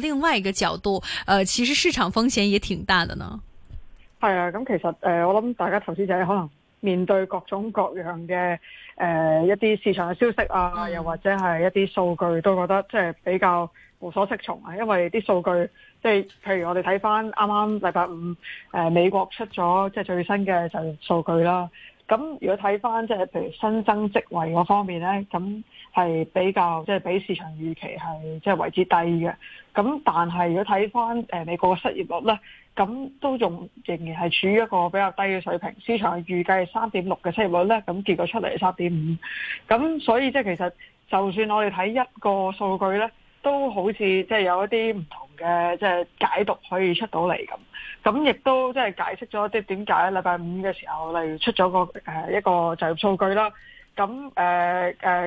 另外一個角度，誒、呃，其實市場風險也挺大的呢。係啊，咁其實誒、呃，我諗大家投資者可能面對各種各樣嘅誒、呃、一啲市場嘅消息啊，又或者係一啲數據，都覺得即係比較無所適從啊。因為啲數據，即係譬如我哋睇翻啱啱禮拜五誒、呃，美國出咗即係最新嘅就業數據啦。咁如果睇翻即係譬如新增職位嗰方面咧，咁係比較即係比市場預期係即係為之低嘅。咁但係如果睇翻美國嘅失業率咧，咁都仲仍然係處於一個比較低嘅水平。市場係預計三點六嘅失業率咧，咁結果出嚟係三點五。咁所以即係其實就算我哋睇一個數據咧。都好似即係有一啲唔同嘅即係解讀可以出到嚟咁，咁亦都即係解釋咗即係點解禮拜五嘅時候，例如出咗個一個就業數據啦。咁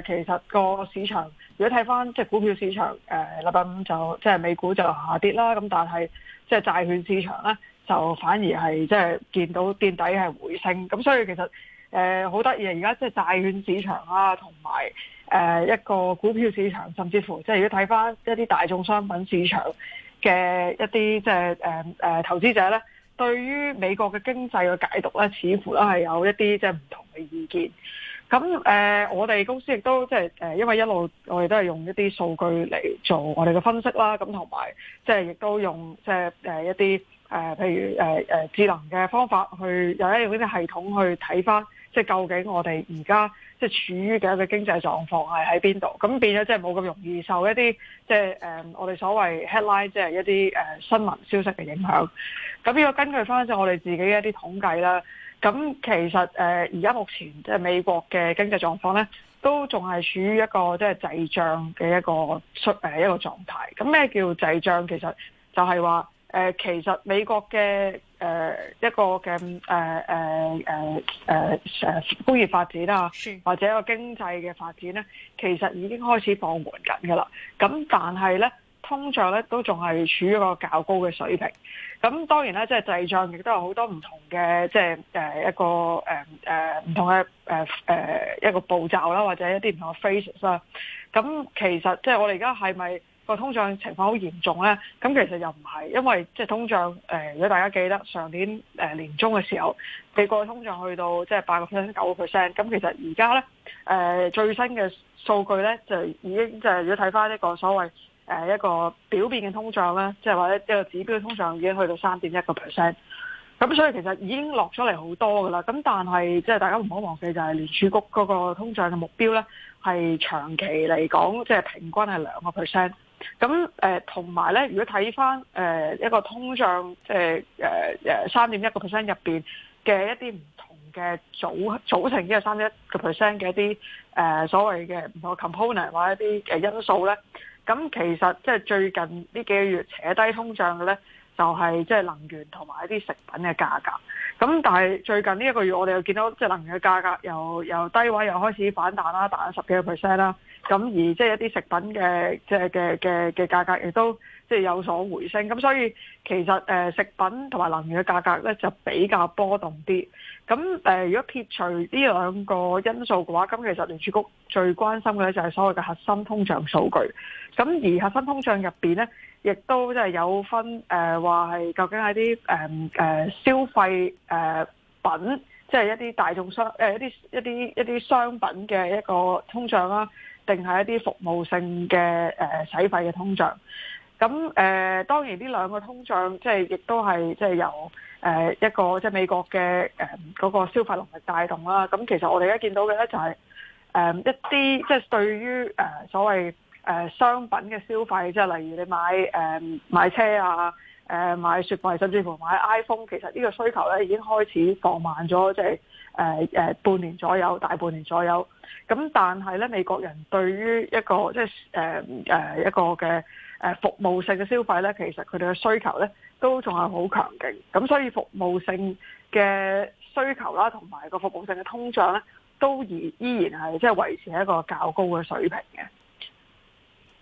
其實個市場如果睇翻即係股票市場誒，禮拜五就即係美股就下跌啦。咁但係即係債券市場咧，就反而係即係見到墊底係回升咁，所以其實。誒、呃，好得意啊！而家即係債券市場啦、啊，同埋誒一個股票市場，甚至乎即係要睇翻一啲大眾商品市場嘅一啲即係誒誒投資者咧，對於美國嘅經濟嘅解讀咧，似乎都係有一啲即係唔同嘅意見。咁誒、呃，我哋公司亦都即係誒，因為一路我哋都係用一啲數據嚟做我哋嘅分析啦，咁同埋即係亦都用即係誒一啲誒，譬、呃、如誒誒、呃、智能嘅方法去有一用一啲系統去睇翻。即係究竟我哋而家即係處於嘅一個經濟狀況係喺邊度？咁變咗即係冇咁容易受一啲即係誒我哋所謂 headline 即係一啲誒新聞消息嘅影響。咁如果根據翻即我哋自己一啲統計啦，咁其實誒而家目前即係美國嘅經濟狀況咧，都仲係處於一個即係滯脹嘅一個出誒一個狀態。咁咩叫滯脹？其實就係話誒，其實美國嘅。誒、呃、一個嘅誒誒誒工業發展啊，或者一個經濟嘅發展咧，其實已經開始放緩緊㗎啦。咁但係咧，通脹咧都仲係處於一個較高嘅水平。咁當然啦，即係滯脹亦都有好多唔同嘅，即係誒、呃、一個誒誒唔同嘅誒、呃、一個步驟啦，或者一啲唔同嘅 phases 啦。咁其實即係我哋而家係咪？個通脹情況好嚴重咧，咁其實又唔係，因為即係通脹，誒、呃，如果大家記得上年誒年中嘅時候，美國通脹去到即係八個 percent 九個 percent，咁其實而家咧，誒、呃、最新嘅數據咧就已經即係如果睇翻呢個所謂誒一個表面嘅通脹咧，即係話咧一個指標通脹已經去到三點一個 percent，咁所以其實已經落咗嚟好多噶啦，咁但係即係大家唔好忘記就係聯儲局嗰個通脹嘅目標咧係長期嚟講即係平均係兩個 percent。咁誒同埋咧，如果睇翻誒一個通脹，即係誒誒三點一個 percent 入邊嘅一啲唔同嘅組，組成即係三點一個 percent 嘅一啲誒所謂嘅唔同嘅 component 或者一啲誒因素咧，咁其實即係最近呢幾個月扯低通脹嘅咧。就係即係能源同埋一啲食品嘅價格，咁但係最近呢一個月我哋又見到即係，就是，能源嘅價格又由低位又開始反彈啦，彈咗十幾個 percent 啦，咁而即係一啲食品嘅即係嘅嘅嘅價格亦都即係有所回升，咁所以其實誒食品同埋能源嘅價格咧就比較波動啲，咁誒如果撇除呢兩個因素嘅話，咁其實聯儲局最關心嘅咧就係所謂嘅核心通脹數據，咁而核心通脹入邊咧。亦都即係有分誒話係究竟係啲誒消費誒品，即係一啲大眾商誒一啲一啲一啲商品嘅一個通脹啦，定係一啲服務性嘅誒洗費嘅通脹？咁誒當然呢兩個通脹即係亦都係即係由誒一個即係美國嘅嗰個消費能力帶動啦。咁其實我哋而家見到嘅咧就係誒一啲即係對於誒所謂。誒商品嘅消費，即係例如你買誒、呃、買車啊、誒、呃、買雪櫃，甚至乎買 iPhone，其實呢個需求咧已經開始放慢咗，即係誒、呃、半年左右、大半年左右。咁但係咧，美國人對於一個即係誒、呃、一個嘅誒服務性嘅消費咧，其實佢哋嘅需求咧都仲係好強勁。咁所以服務性嘅需求啦，同埋個服務性嘅通脹咧，都而依然係即係維持喺一個較高嘅水平嘅。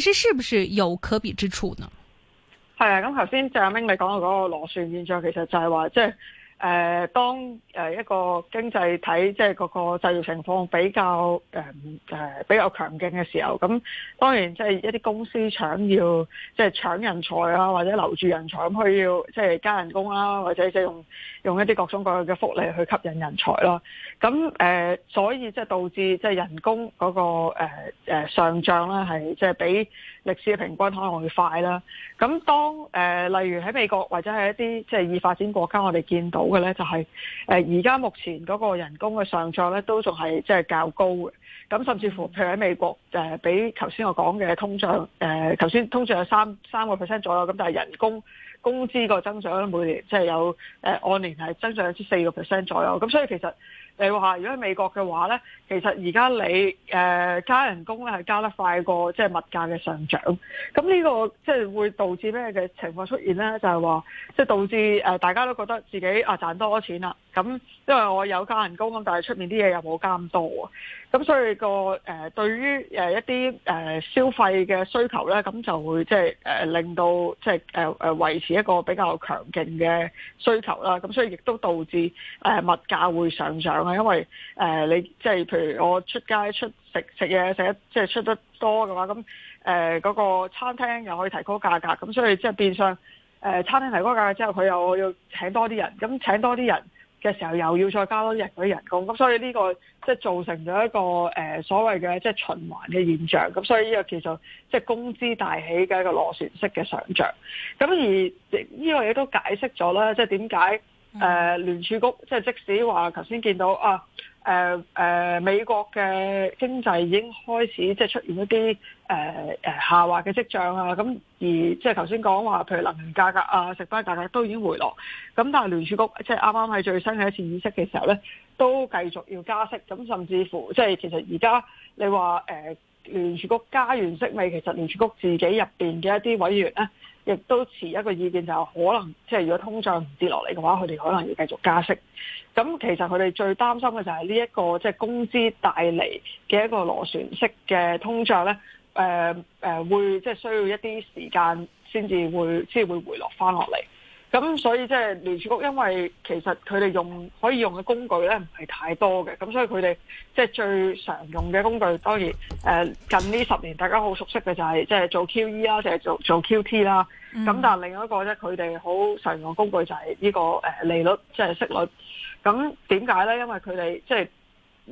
其實是不是有可比之處呢？係啊，咁頭先鄭阿明你講嘅嗰個螺旋現象，其實就係話即係。就是誒、呃、當一個經濟體即係嗰個製造情況比較誒、呃、比較強勁嘅時候，咁當然即係一啲公司搶要即係搶人才啊，或者留住人才咁，佢要即係加人工啦、啊，或者即係用用一啲各種各樣嘅福利去吸引人才咯、啊。咁、呃、所以即係導致即係人工嗰、那個誒、呃、上漲啦，係即係俾。歷史嘅平均可能會快啦，咁當誒、呃、例如喺美國或者係一啲即係已發展國家，我哋見到嘅呢就係誒而家目前嗰個人工嘅上漲呢都仲係即係較高嘅，咁甚至乎譬如喺美國誒、呃、比頭先我講嘅通脹誒頭先通脹有三三個 percent 左右，咁但係人工工資個增長每年即係、就是、有誒、呃、按年係增長有至四個 percent 左右，咁所以其實。你話如果喺美國嘅話咧，其實而家、呃、你誒加人工咧係加得快過即係物價嘅上漲，咁呢個即係會導致咩嘅情況出現咧？就係話即係導致大家都覺得自己啊賺多咗錢啦。咁因為我有加人工咁，但係出面啲嘢又冇加咁多。咁所以個誒、呃、對於一啲誒、呃、消費嘅需求咧，咁就會即係令到即係誒維持一個比較強勁嘅需求啦。咁所以亦都導致、呃、物價會上漲。因為誒、呃、你即係譬如我出街出食食嘢食得即係出得多嘅話，咁誒嗰個餐廳又可以提高價格，咁所以即係變相誒、呃、餐廳提高價格之後，佢又要請多啲人，咁請多啲人嘅時候又要再加多啲人嗰啲人工，咁所以呢、這個即係造成咗一個誒、呃、所謂嘅即係循環嘅現象，咁所以呢個其實即係工資大起嘅一個螺旋式嘅上漲，咁而呢個嘢都解釋咗啦，即係點解？誒、嗯呃、聯儲局即係即使話頭先見到啊誒誒、呃呃、美國嘅經濟已經開始即係出現一啲誒誒下滑嘅跡象啊，咁而即係頭先講話，譬如能源價格啊、食品價格都已經回落，咁但係聯儲局即係啱啱喺最新嘅一次議息嘅時候咧，都繼續要加息，咁甚至乎即係其實而家你話誒、呃、聯儲局加完息未？其實聯儲局自己入邊嘅一啲委員咧。亦都持一個意見，就係、是、可能即係如果通脹唔跌落嚟嘅話，佢哋可能要繼續加息。咁其實佢哋最擔心嘅就係呢一個即係、就是、工資帶嚟嘅一個螺旋式嘅通脹咧。誒、呃、誒、呃，會即係、就是、需要一啲時間先至會即係會回落返落嚟。咁所以即係聯儲局，因為其實佢哋用可以用嘅工具咧，唔係太多嘅。咁所以佢哋即係最常用嘅工具，當然誒近呢十年大家好熟悉嘅就係即係做 Q E 啦，即係做做 Q T 啦。咁但係另一個咧，佢哋好常用嘅工具就係呢個誒利率，即係息率。咁點解咧？因為佢哋即係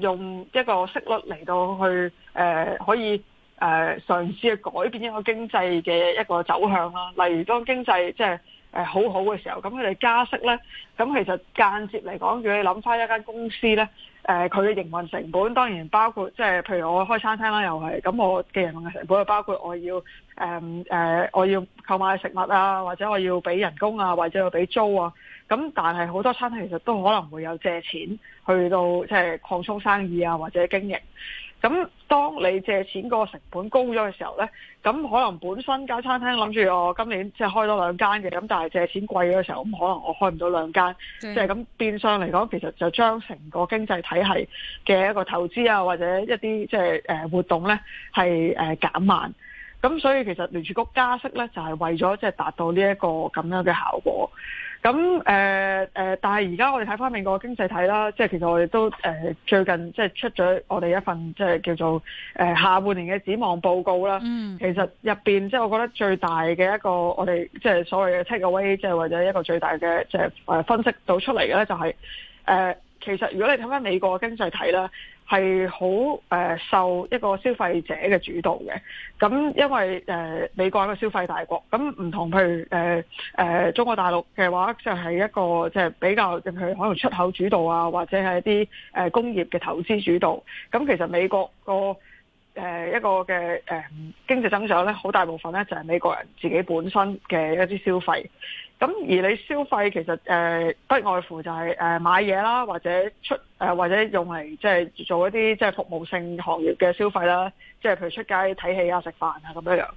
用一個息率嚟到去誒可以誒嘗試去改變一個經濟嘅一個走向啦。例如當經濟即係、就是誒好好嘅時候，咁佢哋加息呢，咁其實間接嚟講，如果你諗翻一間公司呢，誒佢嘅營運成本當然包括，即係譬如我開餐廳啦，又係，咁我嘅營運成本又包括我要誒、嗯、呃、我要購買食物啊，或者我要俾人工啊，或者要俾租啊，咁但係好多餐廳其實都可能會有借錢去到即係擴充生意啊，或者經營。咁，當你借錢個成本高咗嘅時候呢，咁可能本身間餐廳諗住我今年即係開多兩間嘅，咁但係借錢貴咗嘅時候，咁可能我開唔到兩間，即係咁變相嚟講，其實就將成個經濟體系嘅一個投資啊，或者一啲即係誒活動呢係誒、呃、減慢。咁所以其實聯儲局加息呢，就係、是、為咗即係達到呢一個咁樣嘅效果。咁誒誒，但係而家我哋睇翻美國經濟體啦，即係其實我哋都誒最近即係出咗我哋一份即係叫做誒下半年嘅展望報告啦。嗯，其實入面即係我覺得最大嘅一個，我哋即係所謂嘅 take away，即係或者一個最大嘅即係分析到出嚟嘅咧，就係誒其實如果你睇翻美國經濟體啦。係好誒，受一個消費者嘅主導嘅，咁因為誒、呃、美國係一個消費大國，咁唔同譬如誒誒、呃呃、中國大陸嘅話，就係、是、一個即係、就是、比較，即係可能出口主導啊，或者係一啲誒、呃、工業嘅投資主導。咁其實美國個誒、呃、一個嘅誒、呃、經濟增長咧，好大部分咧就係、是、美國人自己本身嘅一啲消費。咁而你消費其實誒、呃、不外乎就係、是、誒、呃、買嘢啦，或者出誒、呃、或者用嚟即係做一啲即係服務性行業嘅消費啦，即、就、係、是、譬如出街睇戲啊、食飯啊咁樣樣。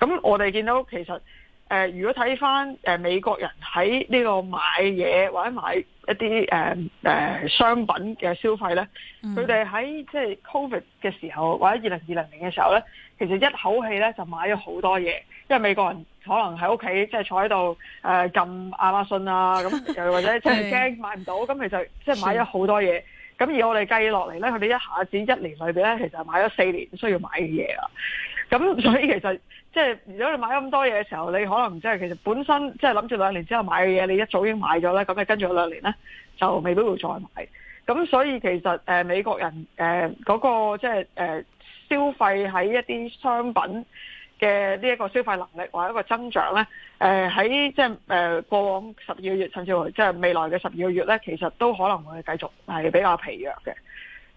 咁我哋見到其實。誒、呃，如果睇翻誒美國人喺呢個買嘢或者買一啲誒誒商品嘅消費咧，佢哋喺即係 COVID 嘅時候或者二零二零年嘅時候咧，其實一口氣咧就買咗好多嘢，因為美國人可能喺屋企即係坐喺度誒撳亞馬遜啊，咁又或者即係驚買唔到，咁其實即係買咗好多嘢。咁而我哋計落嚟咧，佢哋一下子一年裏邊咧，其實買咗四年需要買嘅嘢喇。咁所以其實。即係如果你買咁多嘢嘅時候，你可能即係其實本身即係諗住兩年之後買嘅嘢，你一早已經買咗啦。咁你跟住嗰兩年咧就未必會再買。咁所以其實誒美國人誒嗰個即係誒消費喺一啲商品嘅呢一個消費能力或者一個增長咧，誒喺即係誒過往十二個月甚至乎即係未來嘅十二個月咧，其實都可能會繼續係比較疲弱嘅。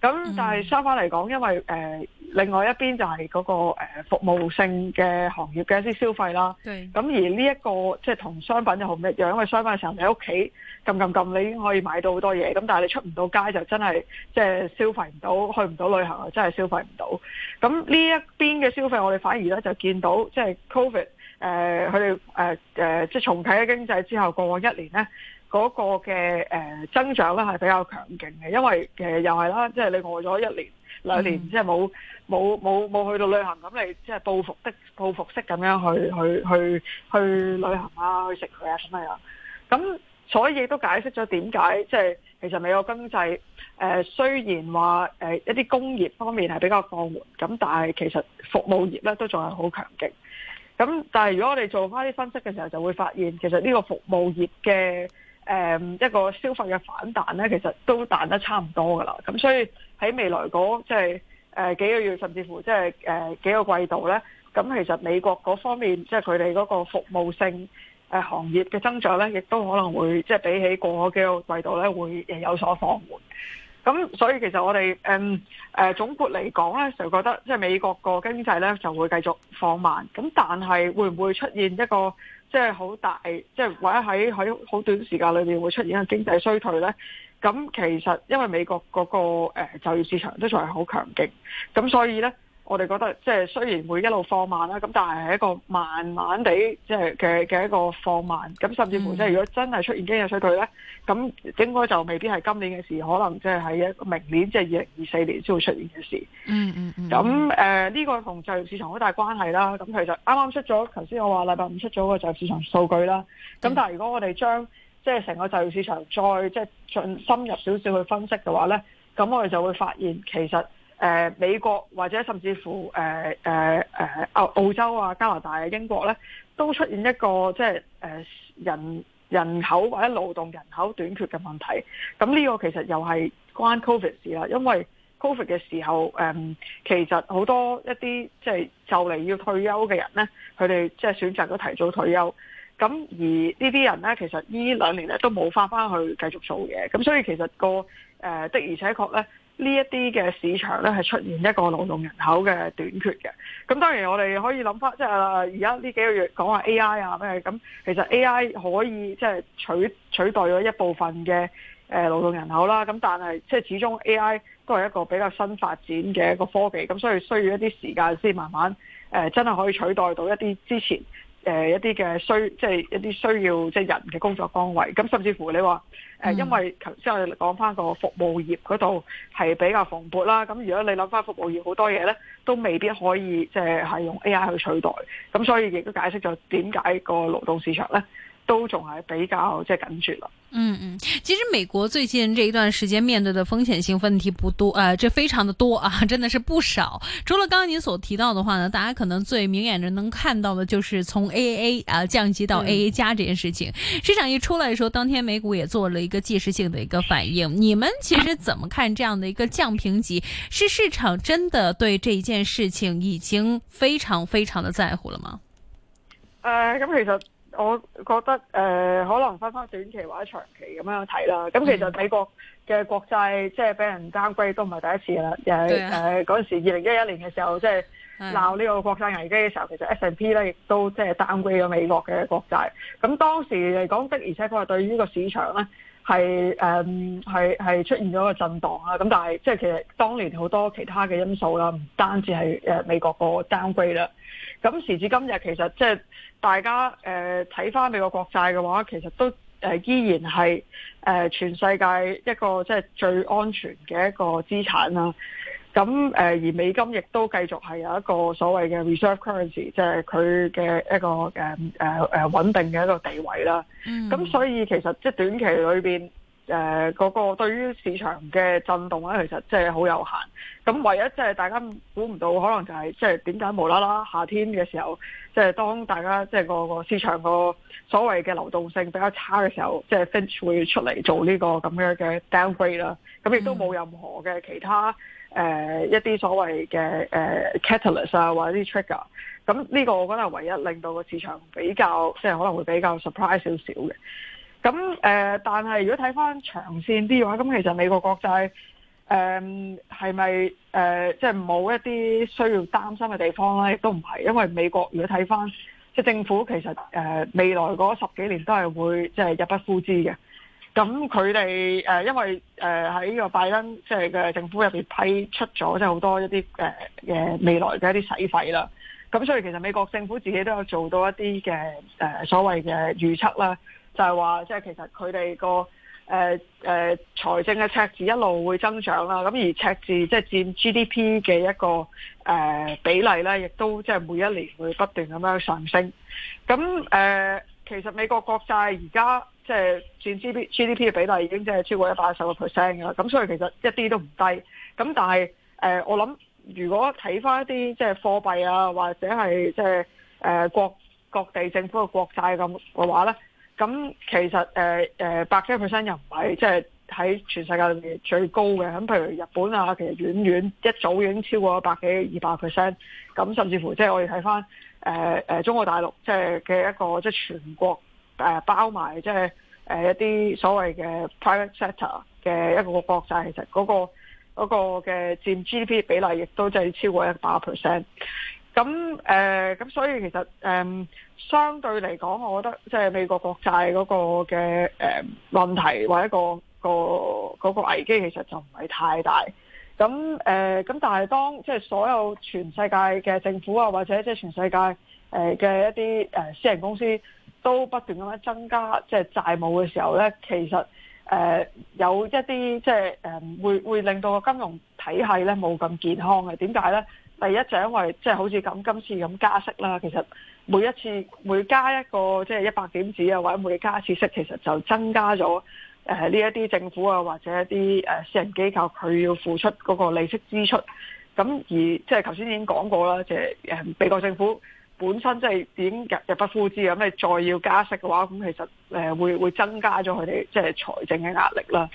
咁、嗯、但係相反嚟講，因為誒、呃、另外一邊就係嗰、那個、呃、服務性嘅行業嘅一啲消費啦。咁而呢、這、一個即係同商品就好唔一樣，因為商品嘅時候你喺屋企撳撳撳，你已經可以買到好多嘢。咁但係你出唔到街就真係即係消費唔到，去唔到旅行又真係消費唔到。咁呢一邊嘅消費，我哋反而咧就見到即係 Covid 誒佢哋誒即係重啟咗經濟之後過往一年咧。嗰、那個嘅誒、呃、增長咧係比較強勁嘅，因為誒、呃、又係啦，即係你呆、呃、咗一年兩年，嗯、即係冇冇冇冇去到旅行，咁你即係報復的報復式咁樣去去去去旅行啊，去食嘢啊咁樣。咁所以都解釋咗點解即係其實美國經濟誒雖然話誒、呃、一啲工業方面係比較放緩，咁但係其實服務業咧都仲係好強勁。咁但係如果我哋做翻啲分析嘅時候，就會發現其實呢個服務業嘅誒、嗯、一個消費嘅反彈咧，其實都彈得差唔多噶啦。咁所以喺未來嗰即係誒幾個月，甚至乎即係誒幾個季度咧，咁、嗯、其實美國嗰方面即係佢哋嗰個服務性誒行業嘅增長咧，亦都可能會即係、就是、比起過幾個季度咧，會有所放緩。咁所以其實我哋誒誒總括嚟講咧，就覺得即係美國個經濟咧就會繼續放慢。咁但係會唔會出現一個即係好大，即係或者喺喺好短時間裏邊會出現一個經濟衰退咧？咁其實因為美國嗰個誒就業市場都仲係好強勁，咁所以咧。我哋覺得即係雖然會一路放慢啦，咁但係係一個慢慢地即係嘅嘅一個放慢，咁甚至乎、嗯、即係如果真係出現經濟衰退咧，咁應該就未必係今年嘅事，可能即係喺一個明年即係二零二四年先會出現嘅事。嗯嗯嗯。咁誒呢個同就業市場好大關係啦。咁其實啱啱出咗，頭先我話禮拜五出咗個就業市場數據啦。咁但係如果我哋將即係成個就業市場再即係進深入少少去分析嘅話咧，咁我哋就會發現其實。誒、呃、美國或者甚至乎誒誒、呃呃、澳洲啊、加拿大啊、英國咧，都出現一個即係、呃、人人口或者勞動人口短缺嘅問題。咁呢個其實又係關 Covid 的事啦，因為 Covid 嘅時候、呃、其實好多一啲即係就嚟、是、要退休嘅人咧，佢哋即係選擇咗提早退休。咁而這些人呢啲人咧，其實呢兩年咧都冇返翻去繼續做嘢。咁所以其實、那個誒、呃、的而且確咧。呢一啲嘅市場呢，係出現一個勞動人口嘅短缺嘅。咁當然我哋可以諗翻，即係而家呢幾個月講下 AI 啊咩咁，其實 AI 可以即係取取代咗一部分嘅誒勞動人口啦。咁但係即係始終 AI 都係一個比較新發展嘅一個科技，咁所以需要一啲時間先慢慢誒，真係可以取代到一啲之前。誒、呃、一啲嘅需，即係一啲需要即係人嘅工作崗位，咁甚至乎你話誒、呃嗯，因為頭先我哋講翻個服務業嗰度係比較蓬勃啦，咁如果你諗翻服務業好多嘢咧，都未必可以即係係用 A.I. 去取代，咁所以亦都解釋咗點解個勞動市場咧。都仲係比較即係緊住咯。嗯、就是、嗯，其實美國最近這一段時間面對的風險性問題不多，呃，這非常的多啊，真的是不少。除了剛剛您所提到的話呢，大家可能最明眼人能看到的就是從 AAA 啊降級到 AA 加這件事情，嗯。市場一出來的時候，當天美股也做了一個即時性的一個反應。你們其實怎麼看這樣的一個降評級？是市場真的對這一件事情已經非常非常的在乎了嗎？呃，咁、嗯、其實。我覺得誒、呃、可能分翻短期或者長期咁樣睇啦。咁其實美國嘅國債即係俾人 d 歸都唔係第一次啦。誒誒，嗰、yeah. 陣、呃、時二零一一年嘅時候，即係鬧呢個國債危機嘅時候，yeah. 其實 S n P 咧亦都即係 d o 咗美國嘅國債咁當時嚟講的，而且確係對於這個市場咧。係誒係係出現咗個震盪啊！咁但係即係其實當年好多其他嘅因素啦，唔單止係誒美國個 downgrade 啦。咁時至今日，其實即係大家誒睇返美國國債嘅話，其實都、呃、依然係誒、呃、全世界一個即係最安全嘅一個資產啦、啊。咁誒而美金亦都繼續係有一個所謂嘅 reserve currency，即係佢嘅一個誒誒穩定嘅一個地位啦。咁、嗯、所以其實即係短期裏面，誒、那、嗰個對於市場嘅震動咧，其實即係好有限。咁唯一即係大家估唔到，可能就係即係點解無啦啦夏天嘅時候，即、就、係、是、當大家即係個個市場個所謂嘅流動性比較差嘅時候，即、就、係、是、Fitch 會出嚟做呢個咁樣嘅 downgrade 啦。咁亦都冇任何嘅其他。誒、呃、一啲所謂嘅誒、呃、catalyst 啊，或者啲 trigger，咁呢個我覺得係唯一令到個市場比較即係、就是、可能會比較 surprise 少少嘅。咁誒、呃，但係如果睇翻長線啲嘅話，咁其實美國國債誒係咪誒即係冇一啲需要擔心嘅地方咧？亦都唔係，因為美國如果睇翻即係政府其實誒、呃、未來嗰十幾年都係會即係入不敷之嘅。咁佢哋誒，因為誒喺、呃、呢個拜登即係嘅政府入邊批出咗，即係好多一啲誒、呃、未來嘅一啲使費啦。咁所以其實美國政府自己都有做到一啲嘅誒所謂嘅預測啦，就係、是、話即係其實佢哋個誒誒財政嘅赤字一路會增長啦。咁而赤字即係佔 GDP 嘅一個誒、呃、比例咧，亦都即係每一年會不斷咁樣上升。咁誒、呃，其實美國國債而家。即、就、係、是、佔 G B G D P 嘅比例已經即係超過一百十個 percent 啦，咁所以其實一啲都唔低。咁但係誒、呃，我諗如果睇返一啲即係貨幣啊，或者係即係誒國各地政府嘅國債咁嘅話咧，咁其實誒誒百幾 percent 又唔係即係喺全世界裡面最高嘅。咁譬如日本啊，其實遠遠一早已經超過百幾二百 percent。咁甚至乎即係、就是、我哋睇返誒誒中國大陸即係嘅一個即係、就是、全國。誒包埋即係一啲所謂嘅 private sector 嘅一個國債，其實嗰、嗰個嗰、嗰個嘅佔 GDP 比例，亦都即係超過一百 percent。咁誒咁，所以其實誒、嗯、相對嚟講，我覺得即係美國國債嗰個嘅誒、嗯、問題或者、嗰個個嗰、嗰個危機，其實就唔係太大。咁誒咁，但係當即係、就是、所有全世界嘅政府啊，或者即係全世界嘅一啲私人公司，都不斷咁樣增加即係、就是、債務嘅時候呢，其實誒、呃、有一啲即係誒會會令到個金融體系呢冇咁健康嘅。點解呢？第一就是、因為即係、就是、好似咁今次咁加息啦。其實每一次每加一個即係一百點子啊，或者每加一次息，其實就增加咗誒呢一啲政府啊或者一啲、呃、私人機構佢要付出嗰個利息支出。咁而即係頭先已經講過啦，即係美國政府。本身即係已經入不敷支啊！咁你再要加息嘅話，咁其實誒會會增加咗佢哋即係財政嘅壓力啦。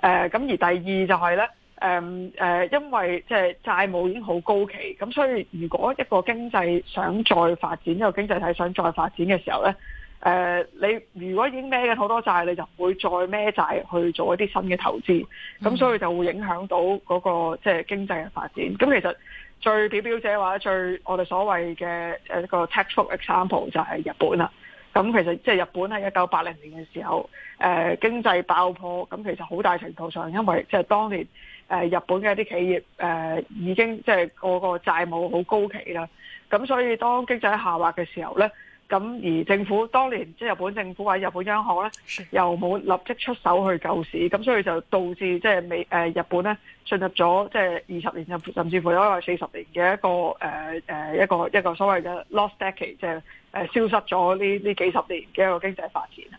誒咁而第二就係、是、咧，誒誒因為即係債務已經好高企，咁所以如果一個經濟想再發展，一個經濟體想再發展嘅時候咧，誒你如果已經孭緊好多債，你就唔會再孭債去做一啲新嘅投資，咁所以就會影響到嗰個即係經濟嘅發展。咁其實。最表表者或者最我哋所謂嘅一個 textbook example 就係日本啦。咁其實即係日本喺一九八零年嘅時候，誒、呃、經濟爆破，咁其實好大程度上因為即係當年誒、呃、日本嘅一啲企業誒、呃、已經即係個個債務好高企啦。咁所以當經濟下滑嘅時候咧。咁而政府當年即係日本政府或者日本央行咧，又冇立即出手去救市，咁所以就導致即係美誒日本咧進入咗即係二十年，甚至乎有話四十年嘅一個誒誒一個一個所謂嘅 lost decade，即係誒消失咗呢呢幾十年嘅一個經濟發展。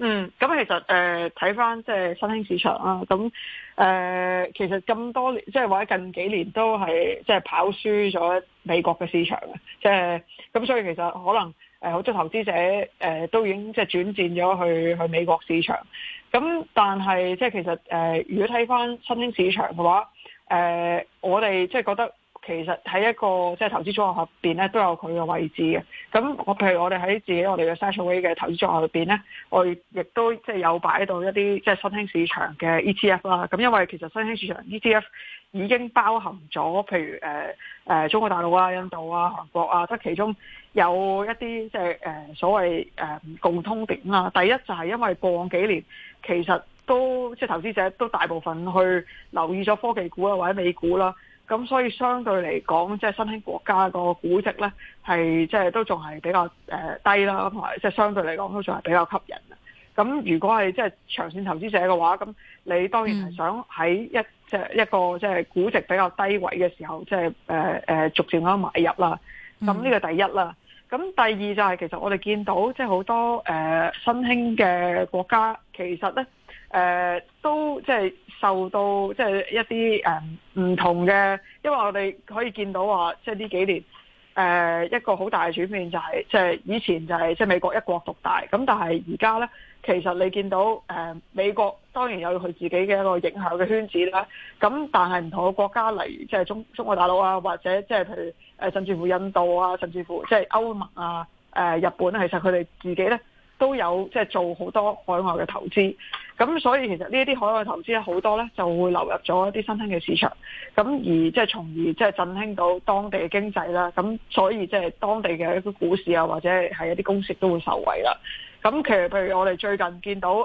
嗯，咁其實誒睇翻即係新興市場啦，咁誒、呃、其實咁多年，即係或者近幾年都係即係跑輸咗美國嘅市場啊。即係咁所以其實可能誒好多投資者誒、呃、都已經即係轉戰咗去去美國市場，咁但係即係其實誒、呃、如果睇翻新興市場嘅話，誒、呃、我哋即係覺得。其實喺一個即係、就是、投資組合入邊咧，都有佢嘅位置嘅。咁我譬如我哋喺自己我哋嘅 Central 嘅投資組合入邊咧，我亦都即係、就是、有擺到一啲即係新興市場嘅 ETF 啦。咁因為其實新興市場 ETF 已經包含咗，譬如誒誒、呃、中國大陸啊、印度啊、韓國啊，即係其中有一啲即係誒所謂誒、呃、共通點啦。第一就係因為過往幾年其實都即係、就是、投資者都大部分去留意咗科技股啊，或者美股啦。咁所以相對嚟講，即、就、係、是、新興國家個估值咧，係即係都仲係比較低啦，同埋即係相對嚟講都仲係比較吸引。咁如果係即係長線投資者嘅話，咁你當然係想喺一即、就是、一個即係估值比較低位嘅時候，即係誒誒逐漸咁買入啦。咁呢個第一啦。咁第二就係、是、其實我哋見到即係好多誒、呃、新興嘅國家，其實咧。誒、呃、都即係受到即係一啲誒唔同嘅，因為我哋可以見到話，即係呢幾年誒、呃、一個好大嘅轉變就係即係以前就係即係美國一國獨大，咁但係而家呢，其實你見到誒、呃、美國當然有佢自己嘅一個影響嘅圈子啦，咁但係唔同嘅國家嚟即係中中國大陸啊，或者即係譬如甚至乎印度啊，甚至乎即係歐盟啊、呃、日本，其實佢哋自己呢。都有即係、就是、做好多海外嘅投資，咁所以其實呢一啲海外投資咧好多咧就會流入咗一啲新興嘅市場，咁而即係從而即係振興到當地嘅經濟啦，咁所以即係當地嘅一啲股市啊或者係一啲公司都會受惠啦。咁其實譬如我哋最近見到誒、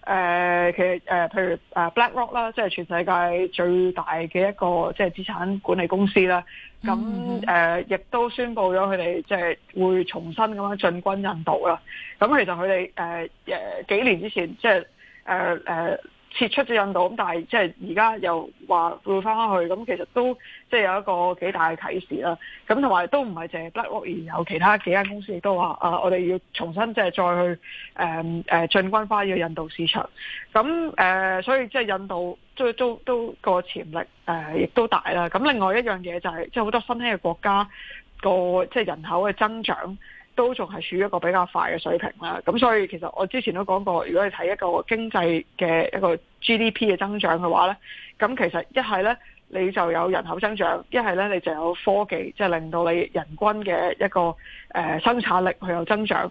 呃、其實、呃、譬如誒 BlackRock 啦，即係全世界最大嘅一個即係、就是、資產管理公司啦。咁誒，亦、呃、都宣布咗佢哋即係會重新咁樣進軍印度啦。咁其實佢哋誒幾年之前即係誒、呃呃撤出咗印度，咁但係即係而家又話會翻返去，咁其實都即係有一個幾大嘅啟示啦。咁同埋都唔係淨係 BlackRock 而有其他幾間公司亦都話啊，我哋要重新即係再去誒誒、嗯啊、進軍翻去印度市場。咁、嗯、誒、啊，所以即係印度都都都個潛力誒亦都大啦。咁另外一樣嘢就係即係好多新興嘅國家個即係人口嘅增長。都仲係處於一個比較快嘅水平啦，咁所以其實我之前都講過，如果你睇一個經濟嘅一個 GDP 嘅增長嘅話呢，咁其實一係呢，你就有人口增長，一係呢，你就有科技，即係令到你人均嘅一個、呃、生產力佢有增長，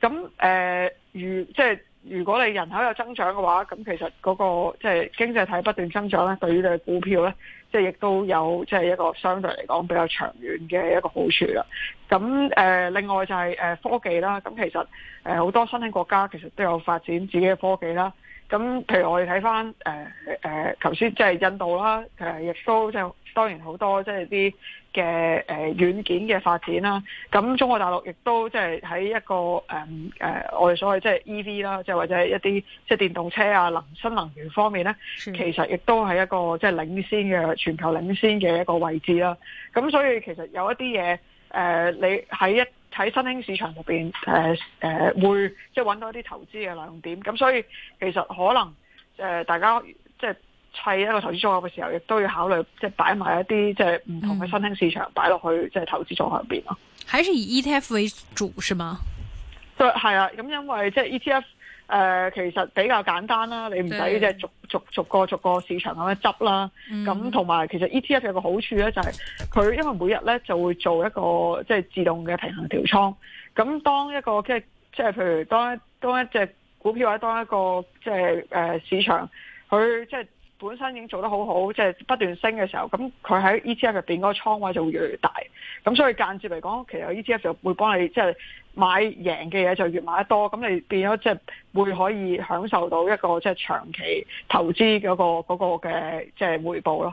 咁誒、呃、如即係。如果你人口有增長嘅話，咁其實嗰、那個即係、就是、經濟體不斷增長咧，對於你嘅股票咧，即係亦都有即係、就是、一個相對嚟講比較長遠嘅一個好處啦。咁誒、呃，另外就係、是、誒、呃、科技啦。咁其實誒好、呃、多新興國家其實都有發展自己嘅科技啦。咁譬如我哋睇翻誒誒，頭先即係印度啦，誒亦都即係。當然好多即係啲嘅誒軟件嘅發展啦、啊，咁中國大陸亦都即係喺一個誒誒、嗯呃、我哋所謂即係 EV 啦，即係或者一啲即係電動車啊、能新能源方面咧、嗯，其實亦都係一個即係領先嘅全球領先嘅一個位置啦、啊。咁所以其實有一啲嘢誒，你喺一喺新興市場入面誒誒、呃呃，會即係搵到一啲投資嘅亮點。咁所以其實可能誒、呃、大家。砌一個投資組合嘅時候，亦都要考慮即係擺埋一啲即係唔同嘅新興市場擺落、嗯、去即係投資組合入邊咯。還是以 ETF 為主，是嗎？對，係啊。咁因為即係 ETF 誒、呃，其實比較簡單啦。你唔使即係逐逐逐，逐個逐個市場咁樣執啦。咁同埋，其實 ETF 有個好處咧、就是，就係佢因為每日咧就會做一個即係自動嘅平衡調倉。咁當一個即係即係，譬如當一當一隻股票或者當一個，當一個即係誒、呃、市場，佢即係。本身已經做得好好，即係不斷升嘅時候，咁佢喺 ETF 入邊嗰個倉位就會越嚟越大，咁所以間接嚟講，其實 ETF 就會幫你即係買贏嘅嘢就越買得多，咁你變咗即係會可以享受到一個即係長期投資嗰個嗰個嘅即係回報咯。